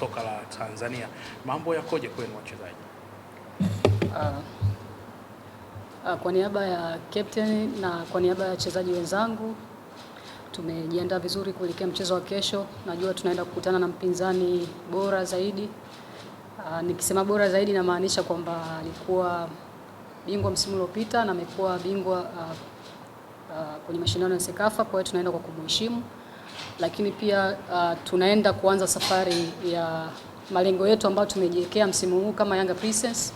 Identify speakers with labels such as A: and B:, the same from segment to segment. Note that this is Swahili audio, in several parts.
A: soka la Tanzania. Mambo yakoje kwenu wachezaji? Uh,
B: uh, kwa niaba ya captain na kwa niaba ya wachezaji wenzangu tumejiandaa vizuri kuelekea mchezo wa kesho. Najua tunaenda kukutana na mpinzani bora zaidi. Uh, nikisema bora zaidi namaanisha kwamba alikuwa bingwa msimu uliopita na amekuwa bingwa uh, uh, kwenye mashindano ya Sekafa. Kwa hiyo tunaenda kwa kumheshimu lakini pia uh, tunaenda kuanza safari ya malengo yetu ambayo tumejiwekea msimu huu kama Yanga Princess.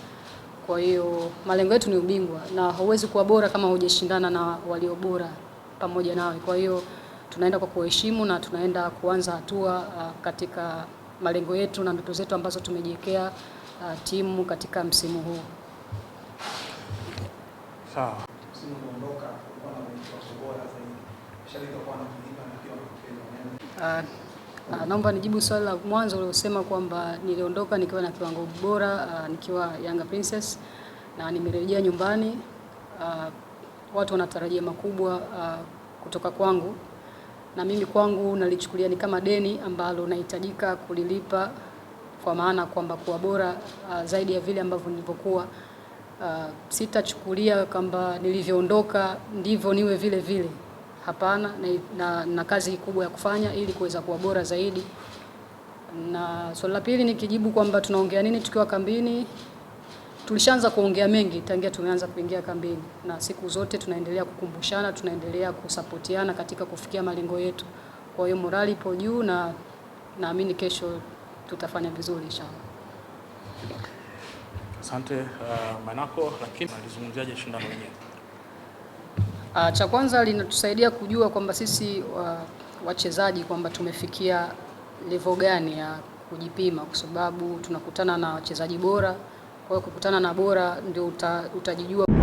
B: Kwa hiyo malengo yetu ni ubingwa, na hauwezi kuwa bora kama hujashindana na walio bora pamoja nawe. Kwa hiyo tunaenda kwa kuheshimu na tunaenda kuanza hatua uh, katika malengo yetu na ndoto zetu ambazo tumejiwekea uh, timu katika msimu huu.
A: Sawa. Msimu unaondoka, na bora zaidi. Uh,
B: naomba nijibu swali la mwanzo uliosema kwamba niliondoka nikiwa na kiwango bora uh, nikiwa Yanga Princess na nimerejea nyumbani. Uh, watu wanatarajia makubwa uh, kutoka kwangu na mimi kwangu nalichukulia ni kama deni ambalo nahitajika kulilipa kwa maana kwamba kuwa bora uh, zaidi ya vile ambavyo nilivyokuwa. Uh, sitachukulia kwamba nilivyoondoka ndivyo niwe vile vile hapana, na, na, na kazi kubwa ya kufanya ili kuweza kuwa bora zaidi. Na swali la pili nikijibu kwamba tunaongea nini tukiwa kambini, tulishaanza kuongea mengi tangia tumeanza kuingia kambini, na siku zote tunaendelea kukumbushana, tunaendelea kusapotiana katika kufikia malengo yetu. Kwa hiyo morali ipo juu na naamini kesho tutafanya vizuri inshallah.
A: Asante uh, Manako, lakini alizungumziaje shindano lenyewe?
B: Uh, cha kwanza linatusaidia kujua kwamba sisi uh, wachezaji kwamba tumefikia level gani ya kujipima, kwa sababu tunakutana na wachezaji bora. Kwa hiyo kukutana na bora ndio uta, utajijua